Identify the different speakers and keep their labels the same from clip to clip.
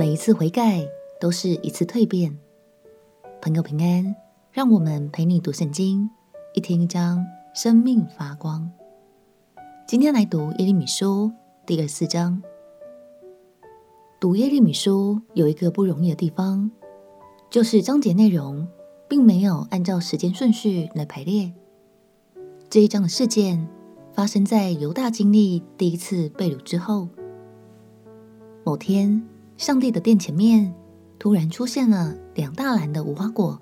Speaker 1: 每一次悔改，都是一次蛻變。朋友平安，讓我們陪你讀聖經，一天一章，生命發光。今天來讀耶利米書第二四章。讀耶利米書有一個不容易的地方，就是章節內容並沒有按照時間順序來排列。這一章的事件發生在猶大經歷第一次被擄之後。某天。上帝的殿前面，突然出現了兩大籃的無花果，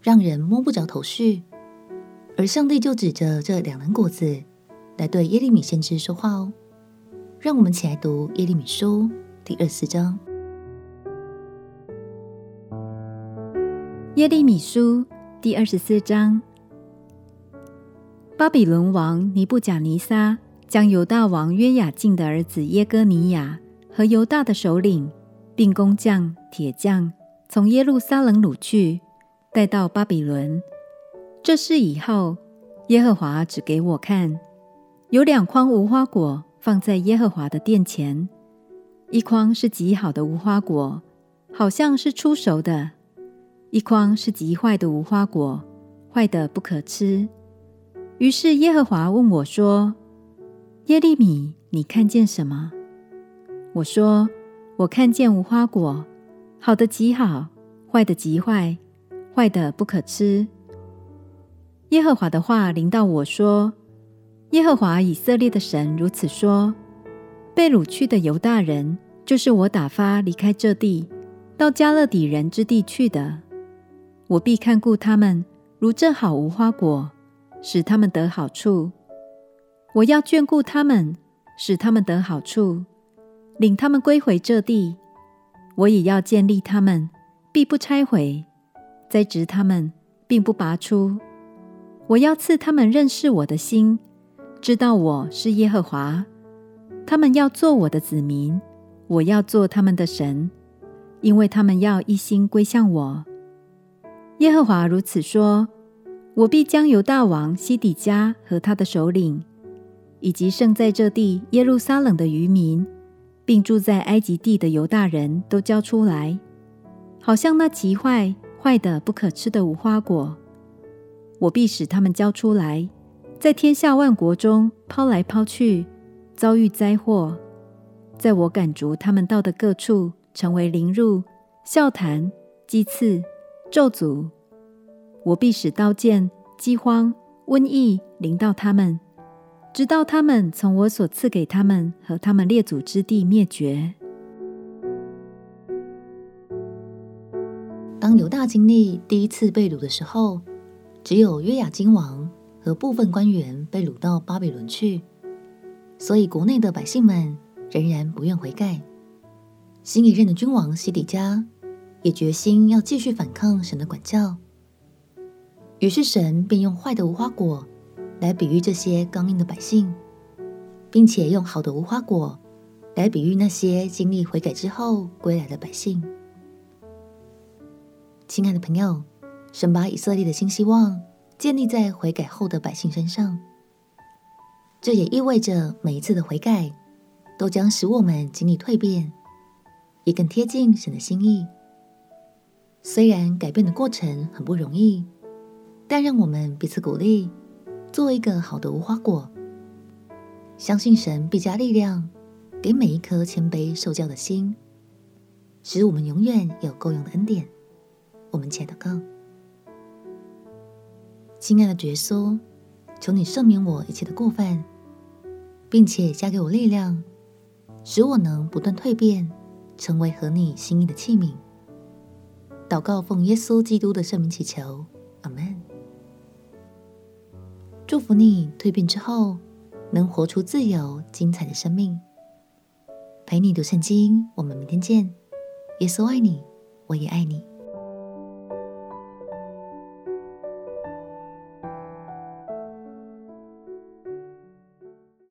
Speaker 1: 讓人摸不着頭緒。而上帝就指着這兩籃果子，來對耶利米先知說話哦。讓我們一起來讀耶利米書第二十四章。
Speaker 2: 耶利米書第二十四章，章，巴比倫王尼布甲尼撒將猶大王約雅敬的兒子耶哥尼雅和猶大的首領，並工匠、鐵匠，從耶路撒冷擄去，帶到巴比倫。這事以後，耶和華指給我看，有兩筐無花果放在耶和華的殿前，一筐是極好的無花果，好像是初熟的；一筐是極壞的無花果，壞得不可吃。於是耶和華問我說：“耶利米，你看見什麼？”我說：“我看見無花果，好的極好，壞的極壞，壞的不可吃。”耶和華的話臨到我說：“耶和華以色列的神如此說：被擄去的猶大人，就是我打發離開這地到迦勒底人之地去的，我必看顧他們，如這好無花果，使他們得好處。我要眷顧他們，使他們得好處。”領他們歸回這地，我也要建立他們，必不拆毀，栽植他們，並不拔出。我要賜他們認識我的心，知道我是耶和華。他們要做我的子民，我要做他們的神，因為他們要一心歸向我。耶和華如此說：我必將猶大王西底家和他的首領，以及剩在這地耶路撒冷的餘民。並住在埃及地的猶大人都交出來，好像那極壞、壞的不可吃的無花果，我必使他們交出來，在天下萬國中拋來拋去，遭遇災禍。在我趕逐他們到的各處，成為凌辱，笑談、譏刺、咒詛，我必使刀劍、饑荒、瘟疫臨到他們。直到他們從我所賜給他們和他們列祖之地滅絕。當猶大經歷第一次被擄的時候，只
Speaker 1: 有約雅金王和部分官員被擄到巴比倫去，所以國內的百姓們仍然不願悔改。新一任的君王西底家也決心要繼續反抗神的管教，於是神便用壞的無花果。來比喻這些剛硬的百姓，並且用好的無花果來比喻那些經歷悔改之後歸來的百姓。親愛的朋友，神把以色列的新希望建立在悔改後的百姓身上，這也意味着每一次的悔改都將使我們經歷蛻變，也更貼近神的心意。雖然改變的過程很不容易，但讓我們彼此鼓勵。作為一個好的無花果，相信神必加力量給每一顆謙卑受教的心，使我們永遠有夠用的恩典。我們起來禱告：親愛的耶穌，求你赦免我一切的過犯，並且加給我力量，使我能不斷蛻變，成為合你心意的器皿。禱告奉耶穌基督的聖名祈求，阿們。祝福你蛻變之後，能活出自由精彩的生命。陪你讀聖經，我們明天見。耶穌愛你，我也愛你。